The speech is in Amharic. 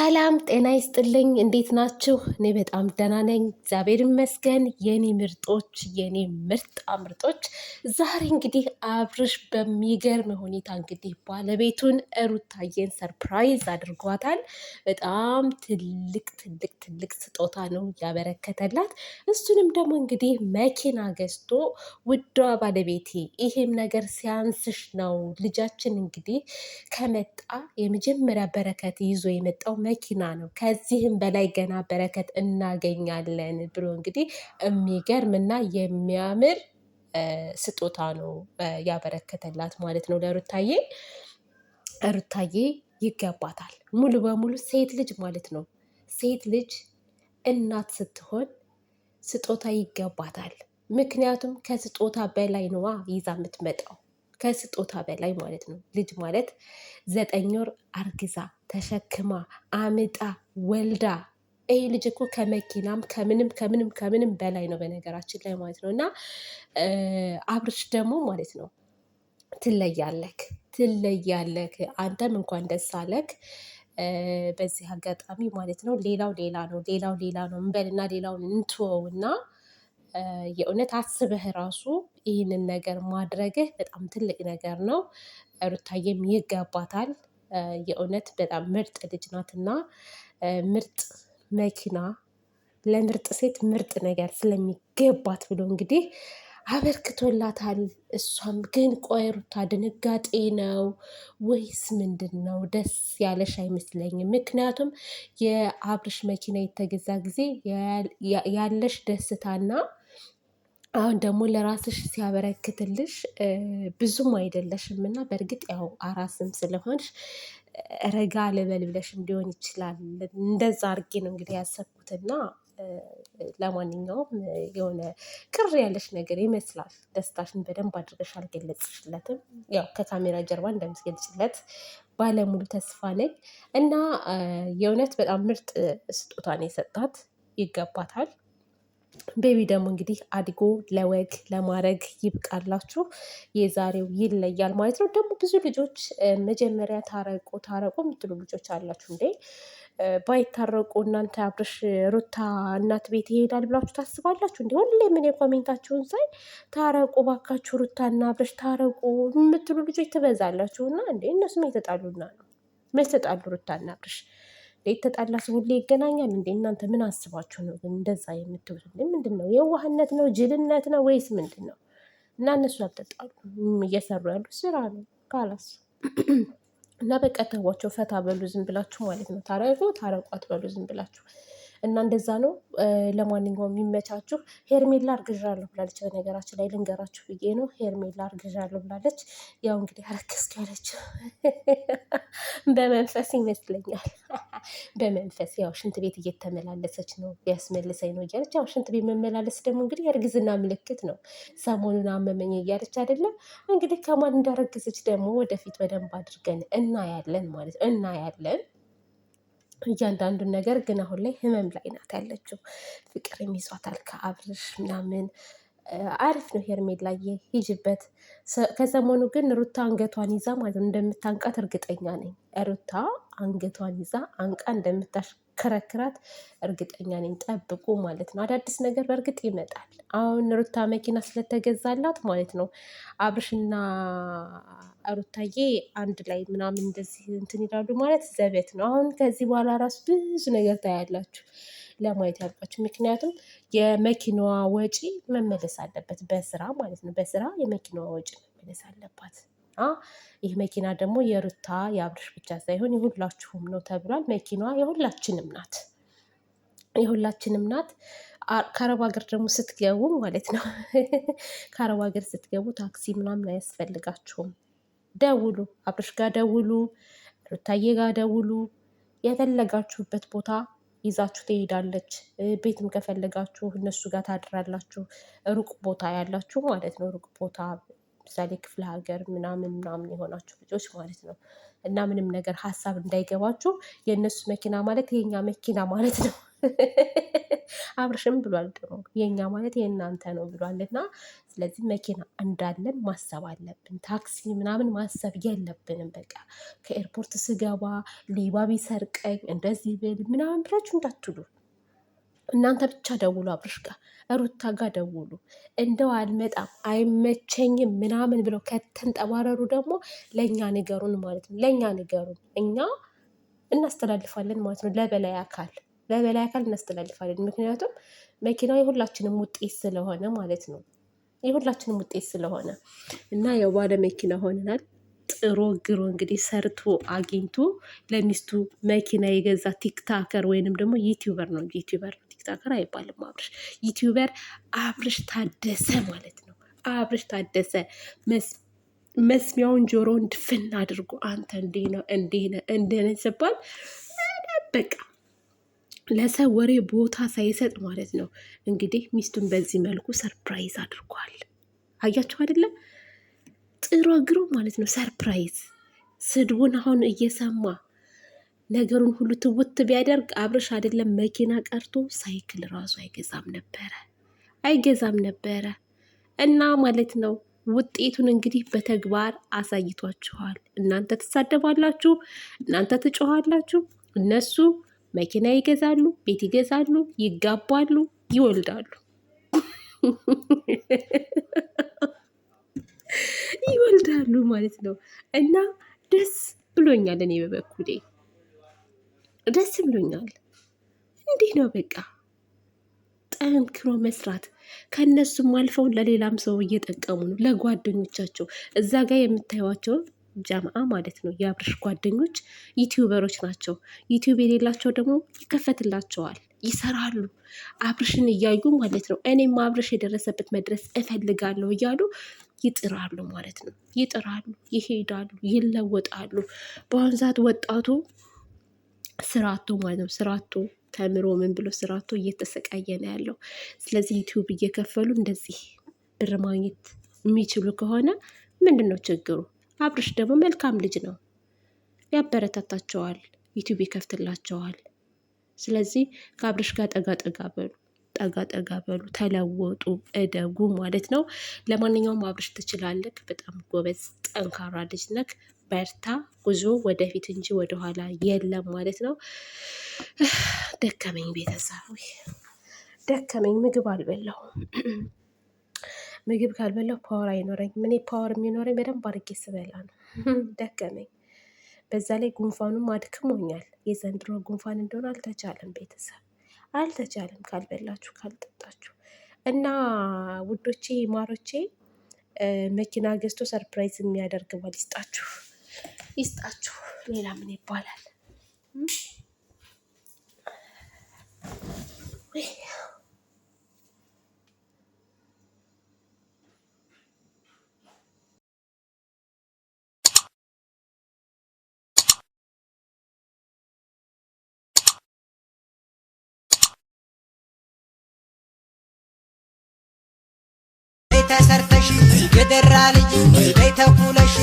ሰላም ጤና ይስጥልኝ። እንዴት ናችሁ? እኔ በጣም ደህና ነኝ፣ እግዚአብሔር ይመስገን። የኔ ምርጦች፣ የኔ ምርጣ ምርጦች፣ ዛሬ እንግዲህ አብርሽ በሚገርም ሁኔታ እንግዲህ ባለቤቱን ሩታዬን ሰርፕራይዝ አድርጓታል። በጣም ትልቅ ትልቅ ትልቅ ስጦታ ነው ያበረከተላት። እሱንም ደግሞ እንግዲህ መኪና ገዝቶ ውዷ ባለቤቴ፣ ይሄም ነገር ሲያንስሽ ነው ልጃችን እንግዲህ ከመጣ የመጀመሪያ በረከት ይዞ የመጣው መኪና ነው። ከዚህም በላይ ገና በረከት እናገኛለን ብሎ እንግዲህ የሚገርም እና የሚያምር ስጦታ ነው ያበረከተላት ማለት ነው ለሩታዬ። ሩታዬ ይገባታል ሙሉ በሙሉ ሴት ልጅ ማለት ነው። ሴት ልጅ እናት ስትሆን ስጦታ ይገባታል። ምክንያቱም ከስጦታ በላይ ነዋ ይዛ የምትመጣው። ከስጦታ በላይ ማለት ነው። ልጅ ማለት ዘጠኝ ወር አርግዛ ተሸክማ አምጣ ወልዳ ይህ ልጅ እኮ ከመኪናም ከምንም ከምንም ከምንም በላይ ነው በነገራችን ላይ ማለት ነው። እና አብርሽ ደግሞ ማለት ነው ትለያለክ ትለያለክ። አንተም እንኳን ደስ አለክ በዚህ አጋጣሚ ማለት ነው። ሌላው ሌላ ነው፣ ሌላው ሌላ ነው እንበልና ሌላውን እንትወውና የእውነት አስበህ ራሱ ይህንን ነገር ማድረግህ በጣም ትልቅ ነገር ነው። ሩታዬም ይገባታል። የእውነት በጣም ምርጥ ልጅ ናትና ምርጥ መኪና ለምርጥ ሴት ምርጥ ነገር ስለሚገባት ብሎ እንግዲህ አበርክቶላታል። እሷም ግን ቆይ ሩታ ድንጋጤ ነው ወይስ ምንድን ነው? ደስ ያለሽ አይመስለኝም። ምክንያቱም የአብርሽ መኪና የተገዛ ጊዜ ያለሽ ደስታና አሁን ደግሞ ለራስሽ ሲያበረክትልሽ ብዙም አይደለሽም እና በእርግጥ ያው አራስም ስለሆንሽ ረጋ ልበል ብለሽም ሊሆን ይችላል። እንደዛ አድርጌ ነው እንግዲህ ያሰብኩት እና ለማንኛውም የሆነ ቅር ያለሽ ነገር ይመስላል። ደስታሽን በደንብ አድርገሽ አልገለጽሽለትም። ያው ከካሜራ ጀርባ እንደምትገልጽለት ባለሙሉ ተስፋ ነኝ እና የእውነት በጣም ምርጥ ስጦታን የሰጣት ይገባታል። ቤቢ ደግሞ እንግዲህ አድጎ ለወግ ለማድረግ ይብቃላችሁ። የዛሬው ይለያል ማለት ነው። ደግሞ ብዙ ልጆች መጀመሪያ ታረቁ ታረቁ የምትሉ ልጆች አላችሁ እንዴ? ባይታረቁ እናንተ አብርሽ ሩታ እናት ቤት ይሄዳል ብላችሁ ታስባላችሁ? እንዲ ሁሌ ምን የኮሜንታችሁን ሳይ ታረቁ ባካችሁ ሩታ እና አብርሽ ታረቁ የምትሉ ልጆች እና እንዴ እነሱም የተጣሉና ነው መች ተጣሉ ሩታ እና አብርሽ? የተጣላ ሰው ሁሌ ይገናኛል እንዴ? እናንተ ምን አስባችሁ ነው ግን እንደዛ የምትውልልን? ምንድን ነው የዋህነት ነው ጅልነት ነው ወይስ ምንድን ነው? እና እነሱ አልተጣሉ እየሰሩ ያሉ ስራ ነው ካላስ እና በቃ ተዋቸው፣ ፈታ በሉ ዝም ብላችሁ ማለት ነው። ታረቁ ታረቋት በሉ ዝም ብላችሁ እና እንደዛ ነው። ለማንኛውም የሚመቻችሁ። ሄርሜላ አርግዣለሁ ብላለች። በነገራችን ላይ ልንገራችሁ ብዬ ነው። ሄርሜላ አርግዣለሁ ብላለች። ያው እንግዲህ አረከስክ ያለችው በመንፈስ ይመስለኛል። በመንፈስ ያው ሽንት ቤት እየተመላለሰች ነው ቢያስመልሰኝ ነው እያለች ያው ሽንት ቤት መመላለስ ደግሞ እንግዲህ የእርግዝና ምልክት ነው። ሰሞኑን አመመኝ እያለች አይደለም እንግዲህ ከማን እንዳረግዘች ደግሞ ወደፊት በደንብ አድርገን እናያለን ማለት ነው እናያለን። እያንዳንዱን ነገር ግን አሁን ላይ ህመም ላይ ናት ያለችው። ፍቅር ይዟታል ከአብርሽ ምናምን አሪፍ ነው። ሄርሜላ ላይ ሂጅበት። ከሰሞኑ ግን ሩታ አንገቷን ይዛ ማለት ነው እንደምታንቃት እርግጠኛ ነኝ። ሩታ አንገቷን ይዛ አንቃ እንደምታሽከረክራት እርግጠኛ ነኝ። ጠብቁ ማለት ነው። አዳዲስ ነገር በእርግጥ ይመጣል። አሁን ሩታ መኪና ስለተገዛላት ማለት ነው አብርሽና ሩታዬ አንድ ላይ ምናምን እንደዚህ እንትን ይላሉ ማለት ዘበት ነው። አሁን ከዚህ በኋላ ራሱ ብዙ ነገር ታያላችሁ። ለማየት ያብቃችሁ። ምክንያቱም የመኪናዋ ወጪ መመለስ አለበት፣ በስራ ማለት ነው። በስራ የመኪናዋ ወጪ መመለስ አለባት። ይህ መኪና ደግሞ የሩታ የአብርሽ ብቻ ሳይሆን የሁላችሁም ነው ተብሏል። መኪናዋ የሁላችንም ናት፣ የሁላችንም ናት። ከአረብ ሀገር ደግሞ ስትገቡ ማለት ነው ከአረብ ሀገር ስትገቡ ታክሲ ምናምን አያስፈልጋችሁም። ደውሉ፣ አብርሽ ጋር ደውሉ፣ ሩታዬ ጋር ደውሉ። የፈለጋችሁበት ቦታ ይዛችሁ ትሄዳለች። ቤትም ከፈለጋችሁ እነሱ ጋር ታድራላችሁ። ሩቅ ቦታ ያላችሁ ማለት ነው። ሩቅ ቦታ ምሳሌ ክፍለ ሀገር ምናምን ምናምን የሆናችሁ ልጆች ማለት ነው። እና ምንም ነገር ሀሳብ እንዳይገባችሁ የእነሱ መኪና ማለት የእኛ መኪና ማለት ነው አብርሽም ብሏል። ጥሩ የእኛ ማለት የእናንተ ነው ብሏልና፣ ስለዚህ መኪና እንዳለን ማሰብ አለብን። ታክሲ ምናምን ማሰብ የለብንም። በቃ ከኤርፖርት ስገባ ሌባ ቢሰርቀኝ እንደዚህ ብል ምናምን ብላችሁ እንዳትሉ። እናንተ ብቻ ደውሉ፣ አብርሽ ጋር ሩታ ጋር ደውሉ። እንደው አልመጣም አይመቸኝም ምናምን ብለው ከተንጠባረሩ ደግሞ ለእኛ ንገሩን ማለት ነው። ለእኛ ንገሩን፣ እኛ እናስተላልፋለን ማለት ነው ለበላይ አካል በበላይ አካል እናስተላልፋለን። ምክንያቱም መኪናው የሁላችንም ውጤት ስለሆነ ማለት ነው። የሁላችንም ውጤት ስለሆነ እና ያው ባለ መኪና ሆነናል። ጥሮ ግሮ እንግዲህ ሰርቶ አግኝቶ ለሚስቱ መኪና የገዛ ቲክታከር ወይንም ደግሞ ዩቲዩበር ነው። ዩቲዩበር ቲክታከር አይባልም አብርሽ። ዩቲዩበር አብርሽ ታደሰ ማለት ነው። አብርሽ ታደሰ መስሚያውን ጆሮውን ድፍን አድርጎ አንተ እንዲህ ነው እንዲህ ነው እንደነ ስባል በቃ ለሰው ወሬ ቦታ ሳይሰጥ ማለት ነው። እንግዲህ ሚስቱን በዚህ መልኩ ሰርፕራይዝ አድርጓል። አያችሁ አይደለም? ጥሩ እግሩ ማለት ነው። ሰርፕራይዝ ስድቡን አሁን እየሰማ ነገሩን ሁሉ ትውት ቢያደርግ አብርሽ አይደለም መኪና ቀርቶ ሳይክል ራሱ አይገዛም ነበረ አይገዛም ነበረ። እና ማለት ነው ውጤቱን እንግዲህ በተግባር አሳይቷችኋል። እናንተ ትሳደባላችሁ፣ እናንተ ትጮኋላችሁ፣ እነሱ መኪና ይገዛሉ፣ ቤት ይገዛሉ፣ ይጋባሉ፣ ይወልዳሉ ይወልዳሉ ማለት ነው። እና ደስ ብሎኛል። እኔ በበኩሌ ደስ ብሎኛል። እንዲህ ነው በቃ ጠንክሮ መስራት። ከእነሱም አልፈው ለሌላም ሰው እየጠቀሙ ነው፣ ለጓደኞቻቸው እዛ ጋር የምታዩቸው ጀማአ ማለት ነው። የአብርሽ ጓደኞች ዩቲዩበሮች ናቸው። ዩቲዩብ የሌላቸው ደግሞ ይከፈትላቸዋል፣ ይሰራሉ። አብርሽን እያዩ ማለት ነው። እኔም አብርሽ የደረሰበት መድረስ እፈልጋለሁ እያሉ ይጥራሉ ማለት ነው። ይጥራሉ፣ ይሄዳሉ፣ ይለወጣሉ። በአሁኑ ሰዓት ወጣቱ ስራቱ ማለት ነው። ስራቱ ተምሮ ምን ብሎ ስራቱ እየተሰቃየ ነው ያለው። ስለዚህ ዩቲዩብ እየከፈሉ እንደዚህ ብር ማግኘት የሚችሉ ከሆነ ምንድን ነው ችግሩ? አብርሽ ደግሞ መልካም ልጅ ነው፣ ያበረታታቸዋል፣ ዩቲዩብ ይከፍትላቸዋል። ስለዚህ ከአብርሽ ጋር ጠጋ ጠጋ በሉ፣ ጠጋ ጠጋ በሉ፣ ተለወጡ፣ እደጉ ማለት ነው። ለማንኛውም አብርሽ ትችላለህ፣ በጣም ጎበዝ፣ ጠንካራ ልጅ ነክ፣ በርታ፣ ጉዞ ወደፊት እንጂ ወደኋላ የለም ማለት ነው። ደከመኝ ቤተሰብ፣ ደከመኝ፣ ምግብ አልበላሁም። ምግብ ካልበላሁ ፓወር አይኖረኝ እኔ ፓወር የሚኖረኝ በደንብ አድርጌ ስበላ ነው። ደከመኝ። በዛ ላይ ጉንፋኑም አድክሞኛል። የዘንድሮ ጉንፋን እንደሆነ አልተቻለም፣ ቤተሰብ አልተቻለም፣ ካልበላችሁ ካልጠጣችሁ እና ውዶቼ ማሮቼ መኪና ገዝቶ ሰርፕራይዝ የሚያደርግ ባል ይስጣችሁ፣ ይስጣችሁ። ሌላ ምን ይባላል? ተሰርተሽ የደራ ልጅ በይ ተኩለሽ